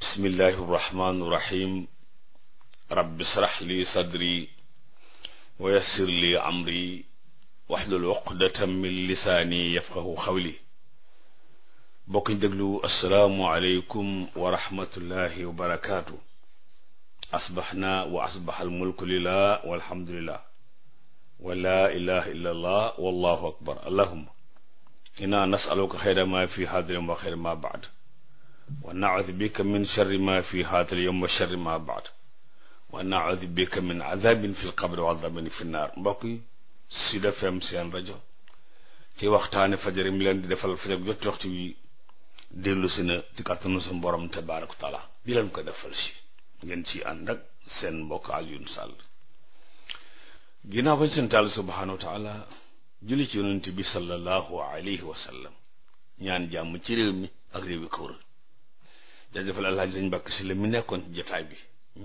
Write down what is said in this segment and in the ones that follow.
bismillahi irrahmani irrahim rabbi srax li sadri wa yassir li amri waxlul uqdatan min lisaani yafqahu xawli bokk ñu déglu assalaamu aleykum wa rahmatullahi wa barakaatu asbaxna wa asbax almulku lillah walhamdulillah wa laa ilaha illa allah wallahu akbar allahuma inna nasaluka xayra ma fi haadirin wa xayra ma baad wa naudu bika min sharri ma fi haatal yowm wa sharri ma baad wa naudu bika min adabin fi lqabri wa adabin fi naar mbokk yi Sud FM seen rajo ci waxtaane fajar mi leen di defal fajar jotti waxtu wi dellu si na ci kàttanu suñu borom tabaaraka wa taala di leen ko defal si ngeen ci ànd ak seen mbokk Alioune Sall ginnaaw bañ seen taal subhaanahu wa taala julli ci yonent bi sallallahu alayhi wa sallam ñaan jàmm ci réew mi ak réew yi ko wër jaajëfal laaj sëñ Mbàkke si la mu nekkoon ci jataay bi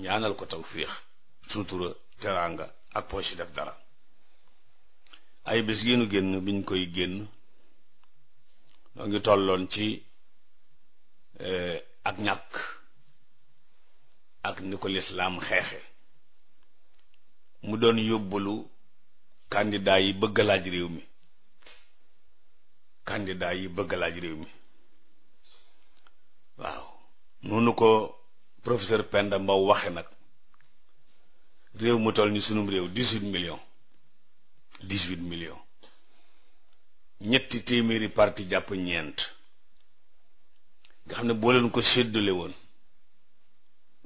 ñaanal ko tawfiix suutura teraanga ak poche def dara ay bés yi génn biñ koy génn noo ngi tolloon ci e, ak ñàkk ak ni ko xeexe mu doon yóbbalu candidat yi bëgg laaj réew mi candidat yi bëgg laaj réew mi waaw noonu ko professeur Penda Mbow waxe nag réew mu toll ni sunum réew dix-huit million dix-huit million ñetti téeméeri parti jàpp ñeent nga xam ne boo leen ko séddale woon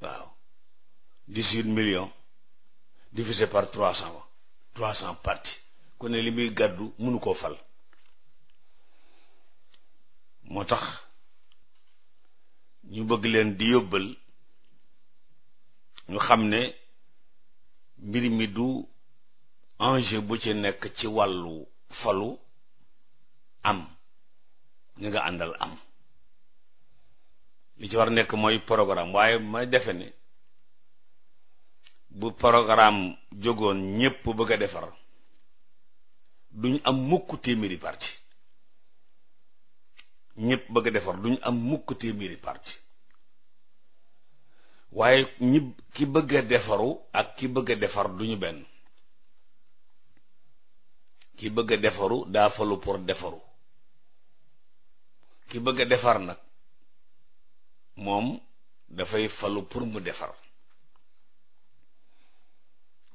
waaw dix-huit million divisé par trois cent trois cent parti ku ne li muy gàddu mënu koo fal moo tax ñu bëgg leen di yóbbal ñu xam ne mbir mi du enjeu bu ci nekk ci wàllu falu am ñu nga àndal am li ci war nekk mooy programme waaye ma defe ne bu programme jógoon ñépp bëgg a defar duñ am mukk téeméeri parti ñëpp bëgg a defar duñ am mukk téeméeri parti waaye ñi ki bëgg defaru ak ki bëgg defar duñu benn ki bëgg a defaru daa falu pour defaru ki bëgg a defar nag moom dafay falu pour mu defar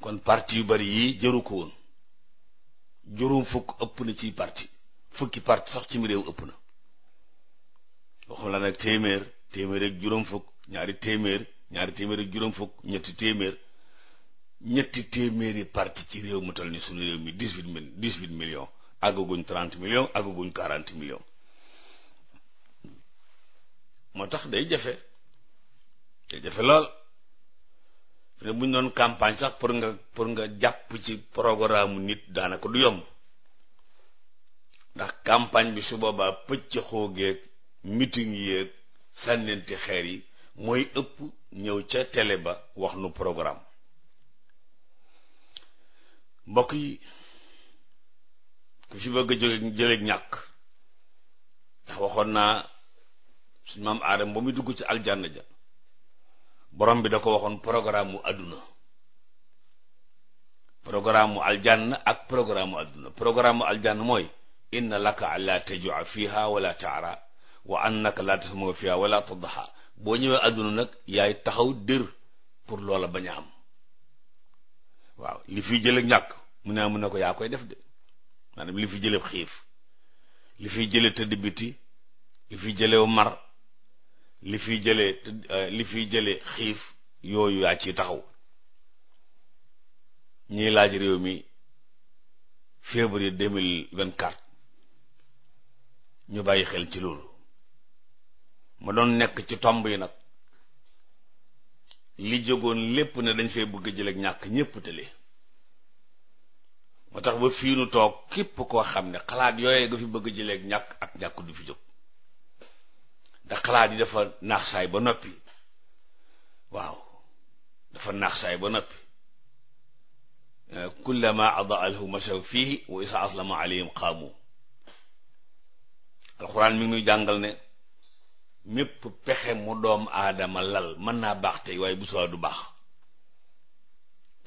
kon parti yu bari yi jëru ko woon juróom fukk ëpp na ci parti fukki parti sax ci mu réew ëpp na waxu nag téeméer téeméer ak juróom fukk téeméer ñaari téeméer ak juróom ñetti téeméer ñetti téeméeri ci réew mu toll ni suñu réew mi dix-huit mille dix-huit millions àggaguñ trente moo tax day jafe day jafe lool fi ne bu ñu doon campagne sax pour nga pour nga jàpp ci programme nit daanaka du yomb ndax campagne bi su boobaa pëcc xoogeeg meeting yeeg sànnenti xeer yi mooy ëpp ñëw ca tele ba wax nu programme mbokk yi ku fi bëgg a jóge jëleeg ñàkk ndax waxoon naa su maam aadam ba muy dugg ci aljanna ja borom bi da ko waxoon programme mu àdduna programme mu ak programme àdduna programme mu mooy inna laka ala tajua fiha wala taara wa annaka laa tasma'u fiihaa wala tadhaa boo ñëwee àdduna nag yaay taxaw dër pour loola bañ a am waaw li fi jële ñàkk mu ne ah, mun ne ko yaa koy def de maanaam li fi jële xiif li fi jële tëdd biti li fi jële mar li fi jële euh, li fi jële xiif yooyu yaa ci taxaw ñiy laaj réew mi février deux mille vingt-quatre ñu bàyyi xel ci loolu ma doon nekk ci tomb yi nag li jógoon lépp ne dañ fee bëgg jël ak ñàkk ñépp tële moo tax ba fii toog képp koo xam ne xalaat yooyee nga fi bëgg jële ak ñàkk ak ñàkk du fi jóg ndax xalaat yi dafa naax saay ba noppi waaw dafa naax saay ba noppi eh, kullama adaa lahu masaw fihi wa isa aslama alayhim qaamu alxuraan mi ngi nuy jàngal ne mépp pexe mu doom aadama lal mën naa baax tey waaye bu subaa du baax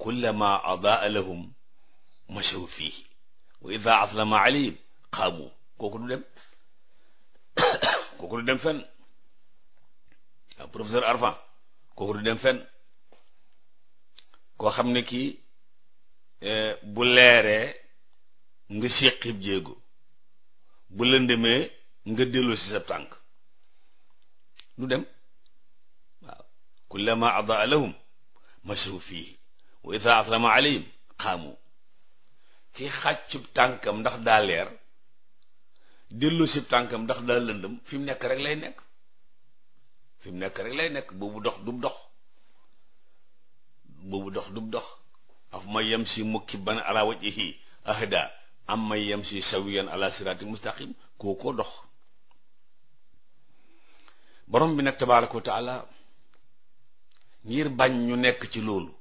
kullama adaa lahum mashaw fii wa ida aslama alayhim xaamu kooku du dem kooku du dem fen waaw ah, Arfan kooku du dem fenn koo xam ne kii eh, bu leeree nga séqib jéego bu lëndëmee nga dellu si sa tànk nu dem waaw kullama adaa lahum mashaw fiihi wa ida aslama alayhim xaamu kii xàccub tànkam ndax daa leer dellu sib tànkam ndax daa lëndëm fi mu nekk rek lay nekk fi mu nekk rek lay nekk boobu dox dub dox boobu dox dub dox af ma yem si mukibban ala wajhihi ahda am ma yem si sawiyan ala sirati mustaqim kookoo dox borom bi nag tabaaraka wa taala ngir bañ ñu nekk ci loolu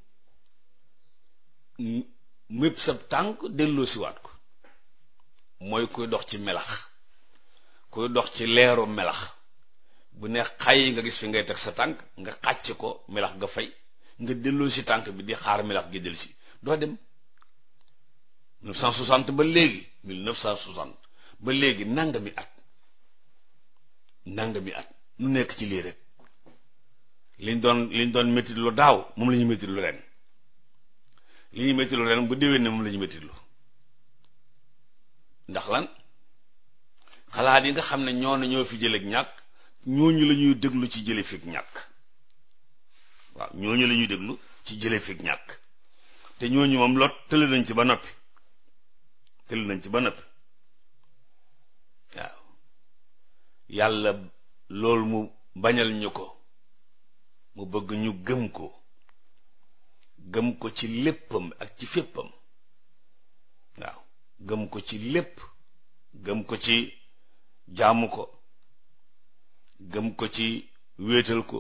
mépp sa tànk delloosiwaat ko mooy kuy dox ci melax kuy dox ci leeru melax bu neex xay nga gis fi ngay teg sa tànk nga xàcc ko melax nga fay nga si tànk bi di xaar melax gi si doo dem 1960 ba léegi 1960 ba léegi nangami at nangami at nu nekk ci lii rek liñ doon liñ doon métti lu daaw moom la ñuy métti lu ren li ñuy métti lu ren bu déwén ne moom la ñuy lu ndax lan xalaat yi nga xam ne ñoo na ñoo fi jëlee ak ñàkk ñooñu lañuy ñuy déglu ci jële fi ñàkk waaw ñooñu la ñuy déglu ci jële fi ñàkk te ñooñu moom lot tële nañ ci ba noppi tële nañ ci ba noppi waaw yàlla loolu mu bañal ñu ko mu bëgg ñu gëm ko gëm ko ci léppam ak ci féppam waaw gëm ko ci lépp gëm ko ci jaamu ko gëm ko ci wéetal ko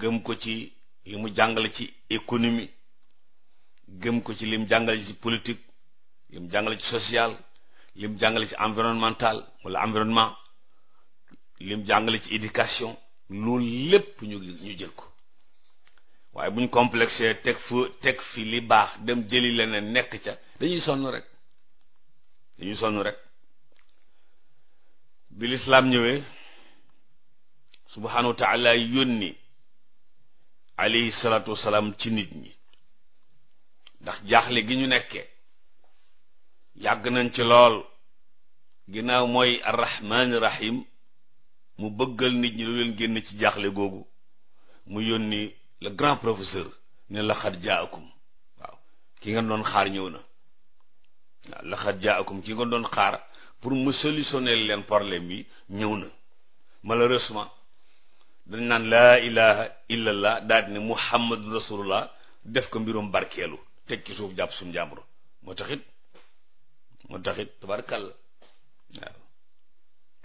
gëm ko ci li mu jàngale ci économie gëm ko ci li mu jàngale ci politique li mu jàngale ci social li mu jàngale ci environnemental wala environnement lim jàngale ci éducation loolu lépp ñu jël ko waaye buñ complexé teg fa teg fi li baax dem jëli leneen nekk ca dañuy sonn rek dañuy sonn rek bi lislaam ñëwee subhaanahu wa taala yónni alayhi salaatu ci nit ñi ndax jaaxle gi ñu nekkee yàgg nañ ci lool ginnaaw mooy arrahmaani rahim mu bëggal nit ñi lu leen génn ci jaaxle googu mu yónni le grand professeur ne laxaat xat jaakum waaw ki nga doon xaar ñëw na waaw la xat ki nga doon xaar pour mu solutionner leen problème yi ñëw na malheureusement dañ naan laa ilaha illallah daal di ne muhammadu rasulullah def ko mbirum barkeelu teg ci suuf jàpp suñ jàmbur moo taxit moo taxit tabarkàlla waaw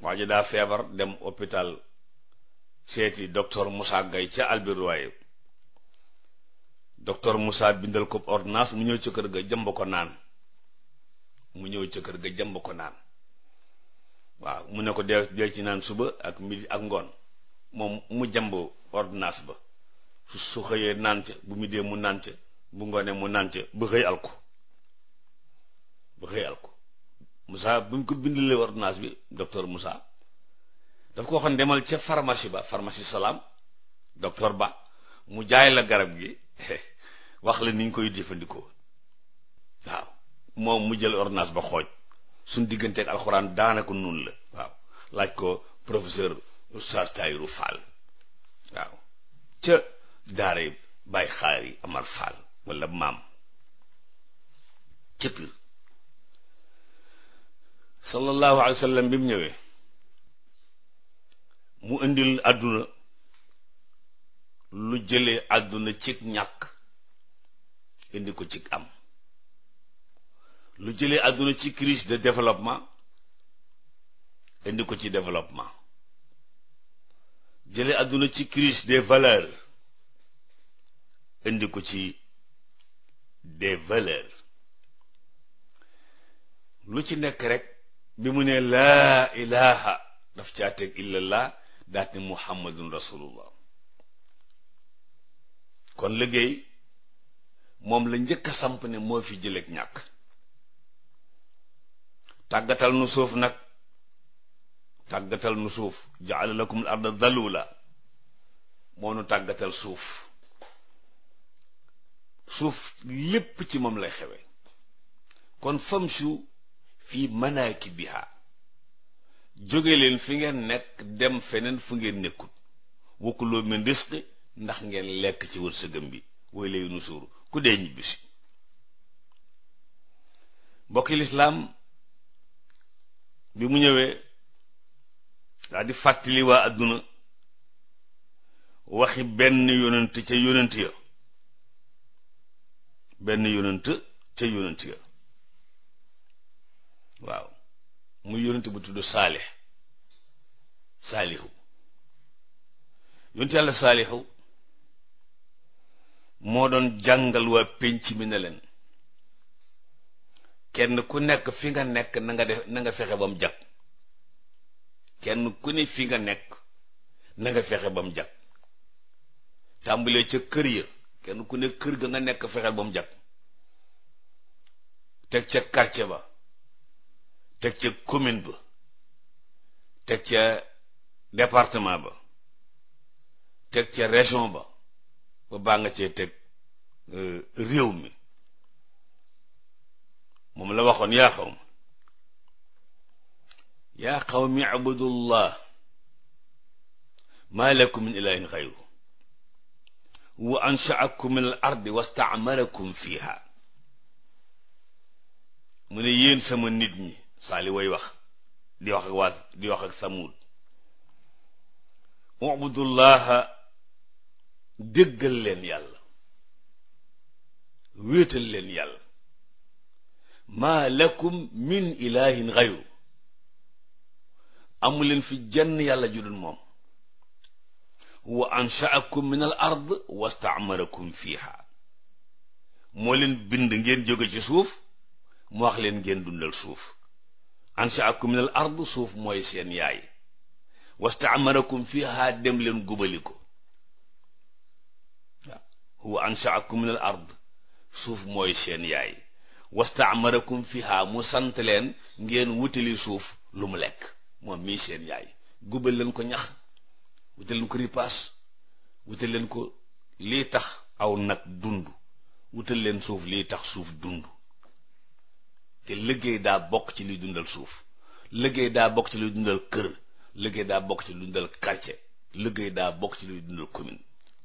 waa ji daa feebar dem hôpital seeti docteur Moussa gay ca Albert Royer docteur Moussa bindal ko ordonnance mu ñëw ca kër ga jëmb ko naan mu ñëw ca kër ga jëmb naan waaw mu ne ko dee dee ci naan suba ak midi ak ngoon moom mu jëmb ordonnance ba su su xëyee naan ca bu midee mu naan ca bu ngoonee mu naan ca ba xëy al ko ba xëy al ko Moussa bu mu ko bindalee ordonnance bi docteur musa daf ko waxoon demal ca pharmacie ba pharmacie salaam docteur Ba mu jaay la garab gi wax la ni ñu koy jëfandikoo waaw moom mu jël ordonnance ba xooj suñ digganteeg alxuraan daanaka nun la waaw laaj ko professeur Oustaz Tayiru Fall waaw ca daara Baye Xaari Amar Fall wala maam ca sallallahu alayhi wa sallam bi mu ñëwee mu indil àdduna lu jëlee àdduna cig ñàkk indi ko cig am lu jëlee àdduna ci crise de développement indi ko ci développement jëlee àdduna ci crise des valeurs indi ko ci des valeurs lu ci nekk rek bi mu ne laa ilaha daf caa teg illallah daat ne muhammadun rasulullah kon liggéey moom la njëkk a samp ne moo fi jëleek ñàkk tàggatal nu suuf nag tàggatal nu suuf jaal lakum al dalula moo nu tàggatal suuf suuf lépp ci moom lay xewe kon famsu fii manaakibiha jóge leen fi ngeen nekk dem feneen fu ngeen nekkut wakkuloo min risqi ndax ngeen lekk ci wërsëgam bi way lay nusuuru ku dee ñibbisi mbokki lislaam bi mu ñëwee daa di fàttali waa àdduna waxi benn yonent ca yonent ya benn yonent ca yonent ya waaw mu yonent bu tudd saalix saalixu yonent yàlla saalixu moo doon jàngal waa pénc mi ne leen kenn ku nekk fi nga nekk na nga fexe ba mu jag kenn ku ne fi nga nekk na nga fexe ba mu jag tàmbalee ca kër ya kenn ku ne kër ga nga nekk fexeel ba mu jag teg ca quartier ba teg ca commune ba teg ca département ba teg ca région ba ba baa nga cee teg euh, réew mi moom la waxoon yaa xaw ma yaa xaw mi abudullah maa lakum min ilahin xayru wa anshaakum min al ardi wastaamalakum fiha mu ne yéen sama nit ñi saali way wax di wax ak waa di wax ak samuud ubudullaha déggal leen yàlla wéetal yàlla maa lakum min ilahin xayru amu leen fi jenn yàlla ju moom wa anshaakum min al ard wastaamarakum fiiha moo leen bind ngeen jóge ci suuf mu wax leen ngeen dundal suuf ansaakum minal ard suuf mooy seen yaay wastaamarakum fiha dem leen gubali ko waaw huwa ansaakum minal ard suuf mooy seen yaay wastaamarakum fiha mu sant leen ngeen wutali suuf lu mu lekk moom mii seen yaay gubal leen ko ñax wutal leen ko ripaas wutal leen ko lii tax aw nag dund wutal leen suuf lii tax suuf dund te liggéey daa bokk ci luy dundal suuf liggéey daa bokk ci luy dundal kër liggéey daa bokk ci luy dundal quartier liggéey daa bokk ci luy dundal commune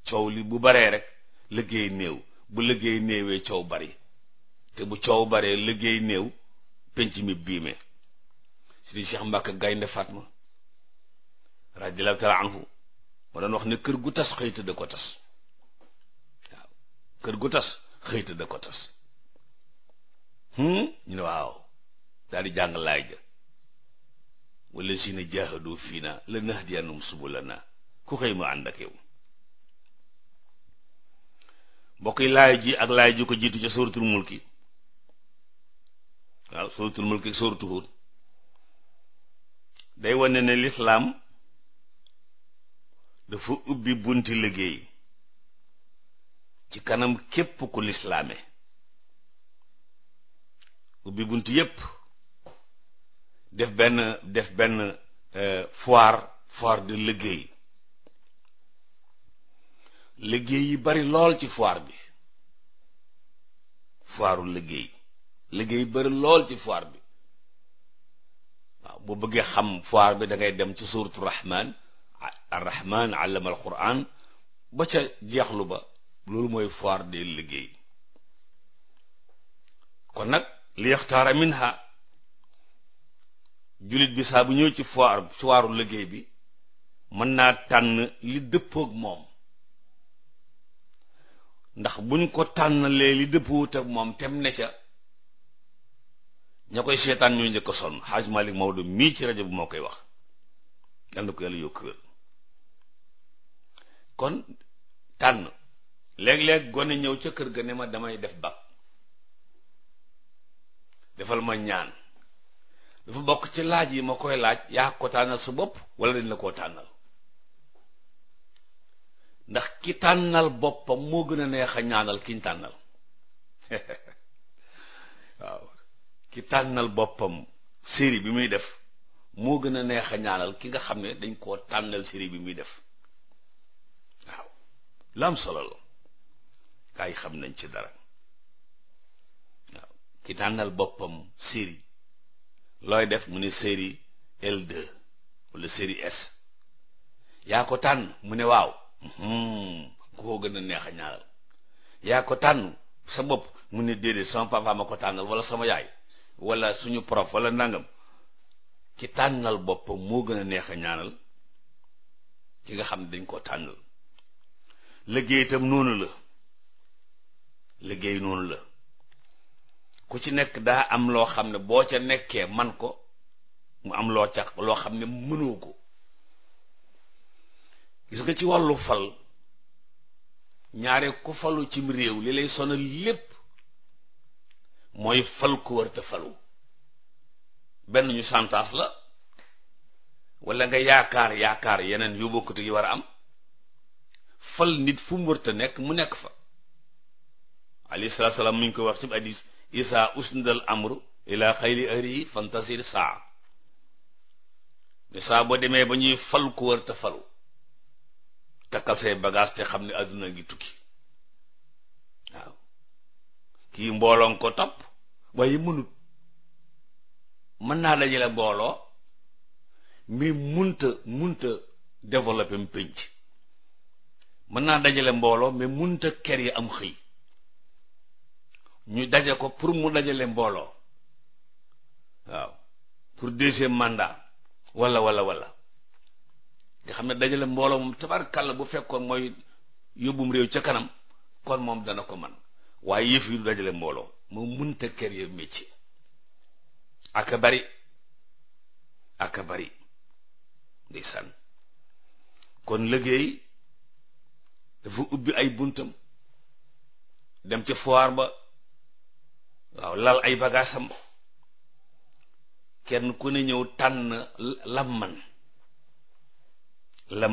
coow li bu baree rek liggéey néew bu liggéey néewee coow bari te bu coow baree liggéey néew penc mi biime Sëriñ Cheikh Mbàkke Gaynde Fatma radiyallaahu taala anhu ma wax ne kër gu tas xëyta da ko tas waaw kër gu tas xëyta da ko tas Hmm? ñu ne waaw daal di jàng laay ja wala si na jaahadu fii na la nahdiyannahum subulana ku xëy mu ànd ak yow mbokk yi ji ak laay ji ko jiitu ca sóoratul mulki waaw sóoratul mulki ak sóoratu Huud day wane ne lislaam dafa ubbi bunti liggéey ci kanam képp ku lislaame ubbi bunt yépp def def benn euh, foire foire de liggéey liggéey bari lool ci foire bi foiru liggéey liggéey yi lool ci foire bi boo bëggee xam foire bi da ngay dem ci suuratu rahman arrahman allama alquran ba ca jeexlu ba loolu mooy foire de liggéey kon nag li yaxtaara minha jullit bi saabu bu ñëw ci foire ci liggéey bi mën naa tànn li dëppoog moom ndax buñ ko tànnalee li dëppoowut ak moom tem ne ca ña koy seetaan ñooy njëkk a sonn xaaj Malick Maodo mii ci rajo bi moo koy wax yal na ko yàlla yokk wér kon tànn léeg-léeg gone ñëw ca kër ga ne ma damay def ba defal ma ñaan dafa bokk ci laaj yi ma koy laaj yaa ko tànnal sa bopp wala dañ la koo tànnal ndax ki tànnal boppam moo gën a neex a ñaanal kiñ tànnal waaw ki tànnal boppam série bi muy def moo gën a neex a ñaanal ki nga xam ne dañ koo tànnal série bi muy def waaw lu am solo xam nañ ci dara ki tànnal boppam série looy def mu ne série ld walla wala S yaa ko tànn mu ne waaw hmm, ku ko gën a neex a ñaaral yaa ko tànn sa bopp mu ne déedéet sama papa ma ko tànnal wala sama yaay wala suñu prof wala nangam ki tànnal boppam moo gën a neex a ñaanal ki nga xam ne dañ koo tànnal liggéey noonu la liggéey noonu la ku ci nekk daa am loo xam ne boo ca nekkee man ko mu am loo ca loo xam ne mënoo ko gis nga ci wàllu fal ñaare ku falu cim réew li lay sonal lépp mooy fal ku wër falu benn ñu santaas la walla nga yaakaar yaakaar yeneen yu bokkut yi war a am fal nit fu mu wër te nekk mu nekk fa alayhi salaam mu ngi koy wax ci hadiis isaa usnidal amru ila xayli ahlihi fantasir saa ne saa boo demee ba ñuy fal ku wër te falu takkal say bagage te xam ne àdduna ngi tukki waaw kii mbooloon ko topp waaye mënut mën naa dajale mbooloo mais munta munta développé pénc mën naa dajale mbooloo mais munta ker yi am xëy ñu daje ko pour mu dajale mbooloo waaw pour deuxième mandat walla walla walla nga xam ne dajale mbooloo moom tabarkàlla bu fekkoon mooy yóbbum réew ca kanam kon moom dana ko man waaye yëf yi du dajale mbooloo moo mënta kër ya métier ak bari aka bari san kon liggéey dafa ubbi ay buntam dem ca foire ba waaw lal ay bagaasam kenn ku ne ñëw tànn lam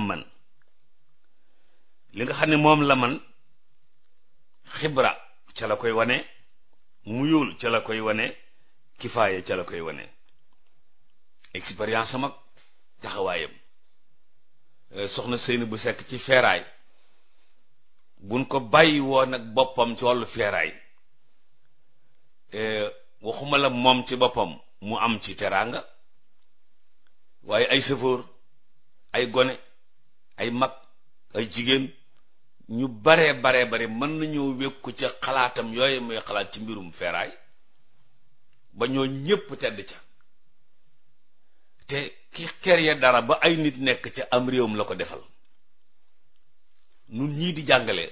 man li nga xam ne moom laman xibra ca la koy wane muyul ca la koy wane kifaaya ca la koy wane expérience am taxawaayam eh, soxna Seyni bu sekk ci feeraay buñ ko bàyyi woon ak boppam ci wàllu feeraay Eh, waxuma la moom ci boppam mu am ci teraanga waaye ay sëfoor ay gone ay mag ay jigéen ñu baree baree bare mën nañoo wékku ca xalaatam yooyu muy xalaat ci mbirum feeraay ba ñoo ñépp tedd ca te ki ker ya dara ba ay nit nekk ca am réewam la ko defal nun ñii di jàngale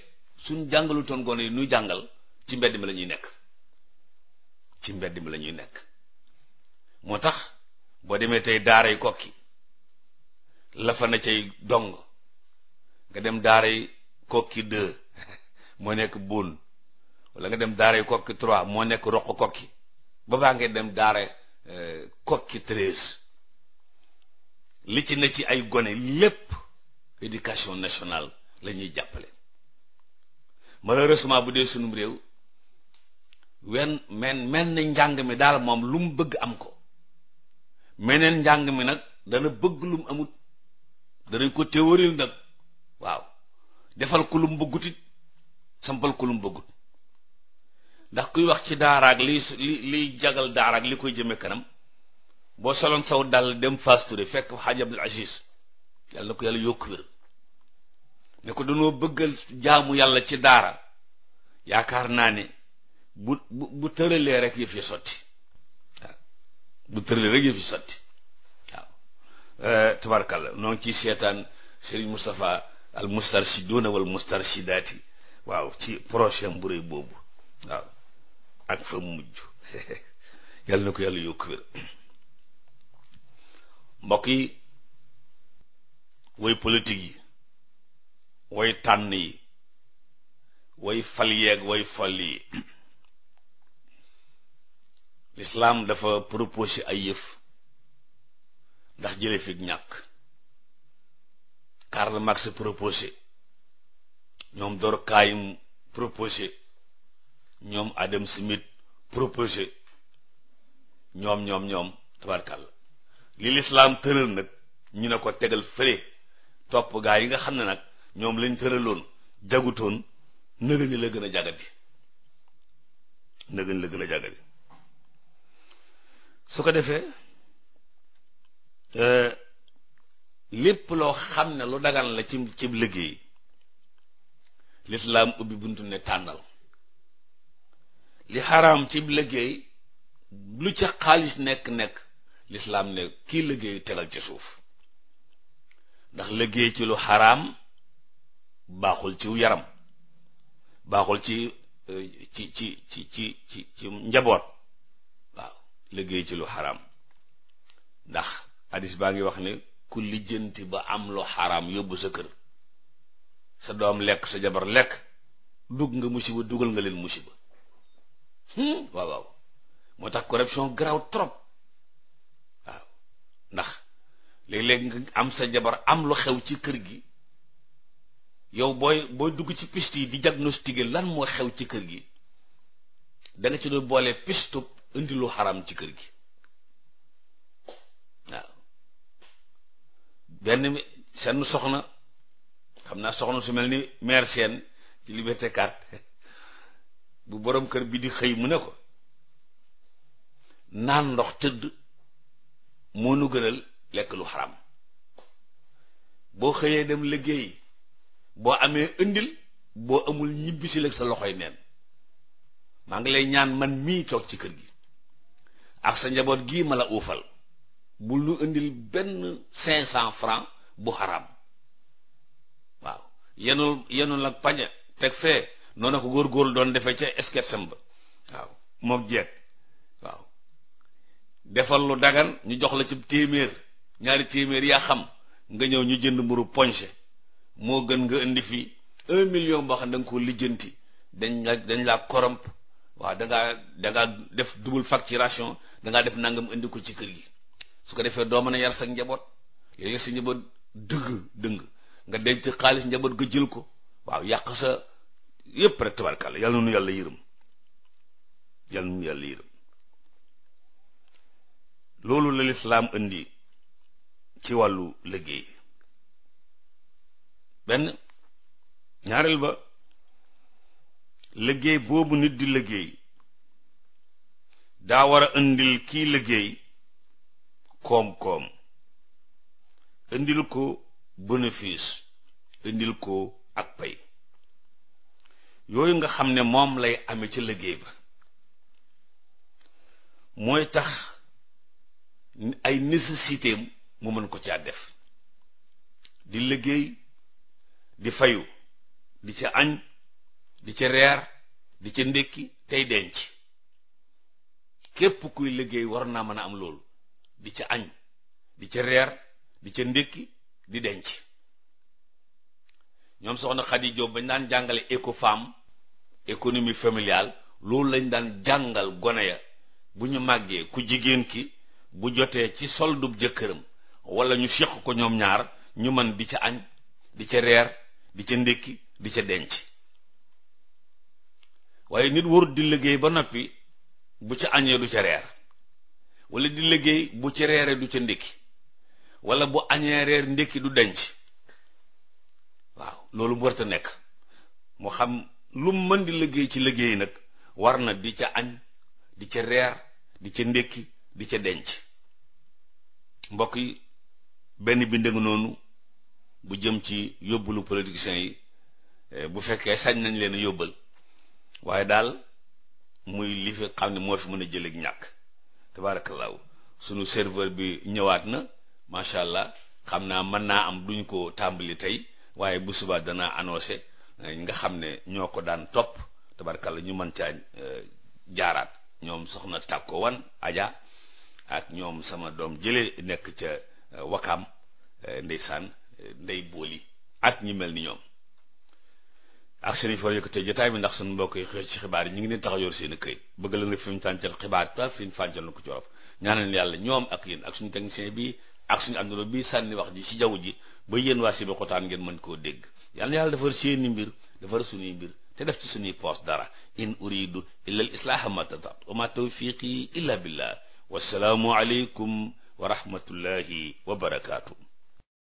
suñ jàngalu toon gone yi nuy jàngal ci mbedd mi lañuy nekk ci mbedd mi la ñuy nekk moo tax boo demee tey daaray kokki lafa fa na cay dong nga dem daaray kokki deux moo nekk bun wala nga dem daaray kokki trois moo nekk roq kokki ba baa ngay dem daara euh, kokki treize li ci ne ci ay gone lépp éducation nationale la ñuy jàppale malheureusement bu dee sunum réew wenn men mel ni njàng mi daal moom lu bëgg am ko meneen njàng mi nag dana bëgg lu amut danañ ko téewëril nag waaw defal ko lu mu bëggutit sampal ko lu bëggut ndax kuy wax ci daaraag liy li liy jagal daaraag li koy jëme kanam boo soloon saw dal dem fasture fekk xaaj Abdul Aziz yàlla na ko yàlla yokku ne ko danoo bëggal jaamu yàlla ci daara yaakaar naa ne bu bu bu tëralee rek yëf yi sotti waaw bu tëralee rek yëf yi sotti waaw euh, tabarkalla noo ngi ciy seetaan Serigne Moustapha al mustarshiduuna wal mustarshidaati waaw ci prochain bu boobu waaw ak fa mujj yàlla na ko yàlla yokk wér mbokk yi woy politique yi woy tànn yi woy fal yeeg woy fal yi lislaam dafa proposé ay yëf ndax jële fi ñàkk Karl Marx proposé ñoom Durkheim proposé ñoom Adam Smith proposé ñoom ñoom ñoom tabarkàlla li lislaam tëral nag ñu ne ko tegal fële topp gaa yi nga xam ne nag ñoom lañ tëraloon jagutoon nëgëni la gën a jàggati nëgëni la gën a jàggati su ko defee euh, lépp loo xam ne lu dagan la ci ci liggéey lislaam ubbi buntu ne tànnal li xaraam ci liggéey lu ca xaalis nekk-nekk lislaam ne kii liggéey tegal ci suuf ndax liggéey ci lu xaraam baaxul ci yaram baaxul ci euh, ci ci ci ci ci ci njaboot liggéey ci lu xaraam ndax hadis baa ngi wax ne ku lijjanti ba am lu xaraam yóbbu sa kër sa doom lekk sa jabar lekk dugg nga musiba dugal nga leen musiba hmm, waaw waaw moo tax corruption garaaw trop waaw ndax léeg-léeg nga am sa jabar am lu xew ci kër gi yow booy booy dugg ci piste yi di diagnostiquer lan moo xew ci kër gi da ci doon boole pistu indi lu xaram ci kër gi waaw benn mi seen soxna xam naa soxna su mel ni maire seen ci liberté carte bu boroom kër bi di xëy mu ne ko naan ndox tëdd moo nu gënal lekk lu xaram boo xëyee dem liggéey boo amee indil boo amul ñibbisi lekk sa loxoy neen maa ngi lay ñaan man mii toog ci kër gi ak sa njaboot gii ma la uufal bu lu indil benn cinq cent franc bu xaram waaw yenu yenul ak pañe teg fee noonu ko góor-góorlu doon defee ca eskersam ba waaw moom jeeg waaw defal lu dagan ñu jox la ci téeméer ñaari téeméer yaa xam nga ñëw ñu jënd mburu ponché moo gën nga indi fii un million boo xam ne da nga koo lijjanti dañ la dañ laa corrompre waaw danga danga def double facturation dangaa def nangam indi ko ci kër gi su ko defee doo mën a yar sa njaboot léeg-léeg sa njaboot dëgg dëng nga denc xaalis njaboot nga jël ko waa yàq sa yépp rek tabarkàlla yàlla nu yàlla yërëm yàlla nu yàlla yërëm loolu la lislaam indi ci wàllu liggéey benn ñaareel ba liggéey boobu nit di liggéey daa war a indil kii liggéey koom-koom indil ko bénéfice indil ko ak pay yooyu nga xam ne moom lay ame ci liggéey ba mooy tax ay nécessité mu mën ko caa def di liggéey di fayu di ca añ di ca reer di ca ndékki tey denc képp kuy liggéey war naa mën a am loolu di ca añ di ca reer di ca ndékki di denc ñoom soxna Khady Diop bañ daan jàngale écofemme économie familiale loolu lañ daan jàngal gone ya bu ñu màggee ku jigéen ki bu jotee ci soldub jëkkëram wala ñu fiq ko ñoom ñaar ñu mën di ca añ di ca reer di ca ndékki di ca denc waaye nit warut di liggéey ba noppi bu ca añee du ca reer wala di liggéey bu ci reere du ca ndékki walla bu añee reer ndékki du denc waaw loolu mu warta nekk mu xam lu mën di liggéey ci liggéey nag war na di ca añ di ca reer di ca ndékki di ca denc mbokk yi benn bind nga noonu bu jëm ci yóbbalu politiciens yi eh, bu fekkee sañ nañ leen yóbbal waaye daal muy li fi xam ne moo fi mën a jëlee ñàkk tabaarakallaahu sunu serveur bi ñëwaat na macha allah xam naa mën naa am duñ ko tàmbali tey waaye bu subaa danaa annoncé eh, nga xam ne ñoo ko daan topp tabaarakallaahu ñu mën caa eh, jaaraat ñoom soxna ko wan aja ak ñoom sama doom jële nekk ca eh, wakaam ndeysaan ndey booli ak ñi mel ni ñoom ak seen for yëkkatee jotaay bi ndax suñu mbokk yi xëy ci xibaar yi ñu ngi leen tax a yor seen i këyit bëgg la nga fi ñu tàncal xibaar ta fi ñu fàncal na ko ci wolof ñaanal yàlla ñoom ak yéen ak suñu technicien bi ak suñu wax ji ci jaww ji ba yéen waa Sébikotane ngeen mën koo dégg yàlla na yàlla defar seeni mbir defar suñuy te def ci suñuy poos dara in uridu illa al islaaha ma tataat wa ma tawfiqi illa billah wasalaamu aleykum wa rahmatullahi wa